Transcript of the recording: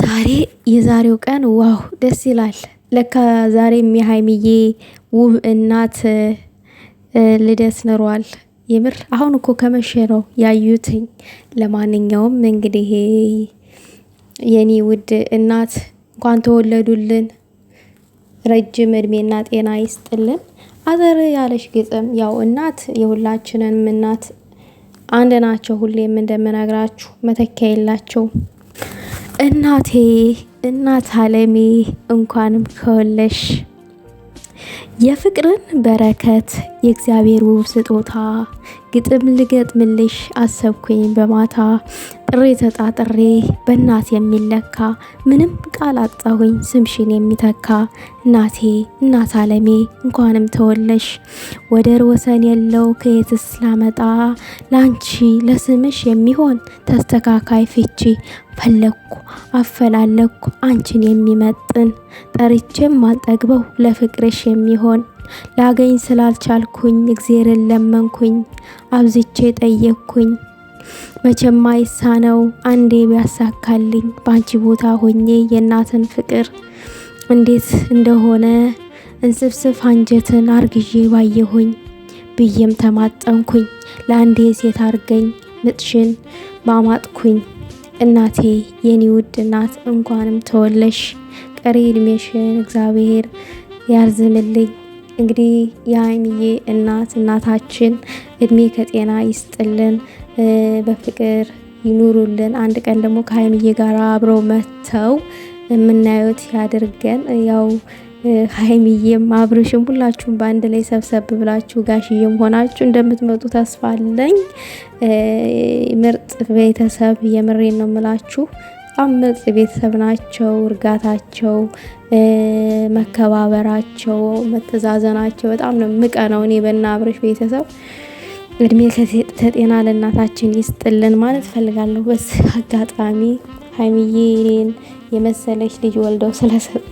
ዛሬ የዛሬው ቀን ዋው ደስ ይላል። ለካ ዛሬ የሀይሚዬ ውብ እናት ልደት ኖሯል። የምር አሁን እኮ ከመሸ ነው ያዩትኝ። ለማንኛውም እንግዲህ የኔ ውድ እናት እንኳን ተወለዱልን፣ ረጅም እድሜና ጤና ይስጥልን። አጠር ያለች ግጥም ያው እናት የሁላችንም እናት አንድ ናቸው። ሁሌም እንደምነግራችሁ መተኪያ የላቸው። እናቴ እናት አለሜ እንኳንም ከወለሽ የፍቅርን በረከት የእግዚአብሔር ውብ ስጦታ ግጥም ልገጥምልሽ አሰብኩኝ በማታ ጥሬ ተጣጥሬ በእናት የሚለካ ምንም ቃል አጣሁኝ ስምሽን የሚተካ እናቴ እናት አለሜ እንኳንም ተወለሽ ወደር ወሰን የለው ከየትስ ላመጣ ላንቺ ለስምሽ የሚሆን ተስተካካይ ፍቺ ፈለግኩ አፈላለኩ አንቺን የሚመጥን ጠርቼም አልጠግበው ለፍቅርሽ የሚሆን ላገኝ ስላልቻልኩኝ እግዜርን ለመንኩኝ አብዝቼ ጠየቅኩኝ መቼም ነው! አንዴ ቢያሳካልኝ በአንቺ ቦታ ሆኜ የእናትን ፍቅር እንዴት እንደሆነ እንስብስብ አንጀትን አርግዤ ባየሁኝ ብዬም ተማጠንኩኝ። ለአንዴ ሴት አርገኝ ምጥሽን ማማጥኩኝ። እናቴ የኔ ውድ እናት እንኳንም ተወለሽ። ቀሪ እድሜሽን እግዚአብሔር ያርዝምልኝ። እንግዲህ የሀይሚዬ እናት እናታችን እድሜ ከጤና ይስጥልን፣ በፍቅር ይኑሩልን። አንድ ቀን ደግሞ ከሀይሚዬ ጋር አብረው መጥተው የምናየት ያድርገን። ያው ሀይሚዬም አብርሽም ሁላችሁም በአንድ ላይ ሰብሰብ ብላችሁ ጋሽዬም ሆናችሁ እንደምትመጡ ተስፋ አለኝ። ምርጥ ቤተሰብ የምሬን ነው ምላችሁ በጣም ምርጥ ቤተሰብ ናቸው። እርጋታቸው፣ መከባበራቸው፣ መተዛዘናቸው በጣም ነው የምቀነው እኔ በና አብረሽ ቤተሰብ። እድሜ ከተጤና ለእናታችን ይስጥልን ማለት ፈልጋለሁ። በዚህ አጋጣሚ ሀይሚዬ እኔን የመሰለች ልጅ ወልደው ስለሰጡ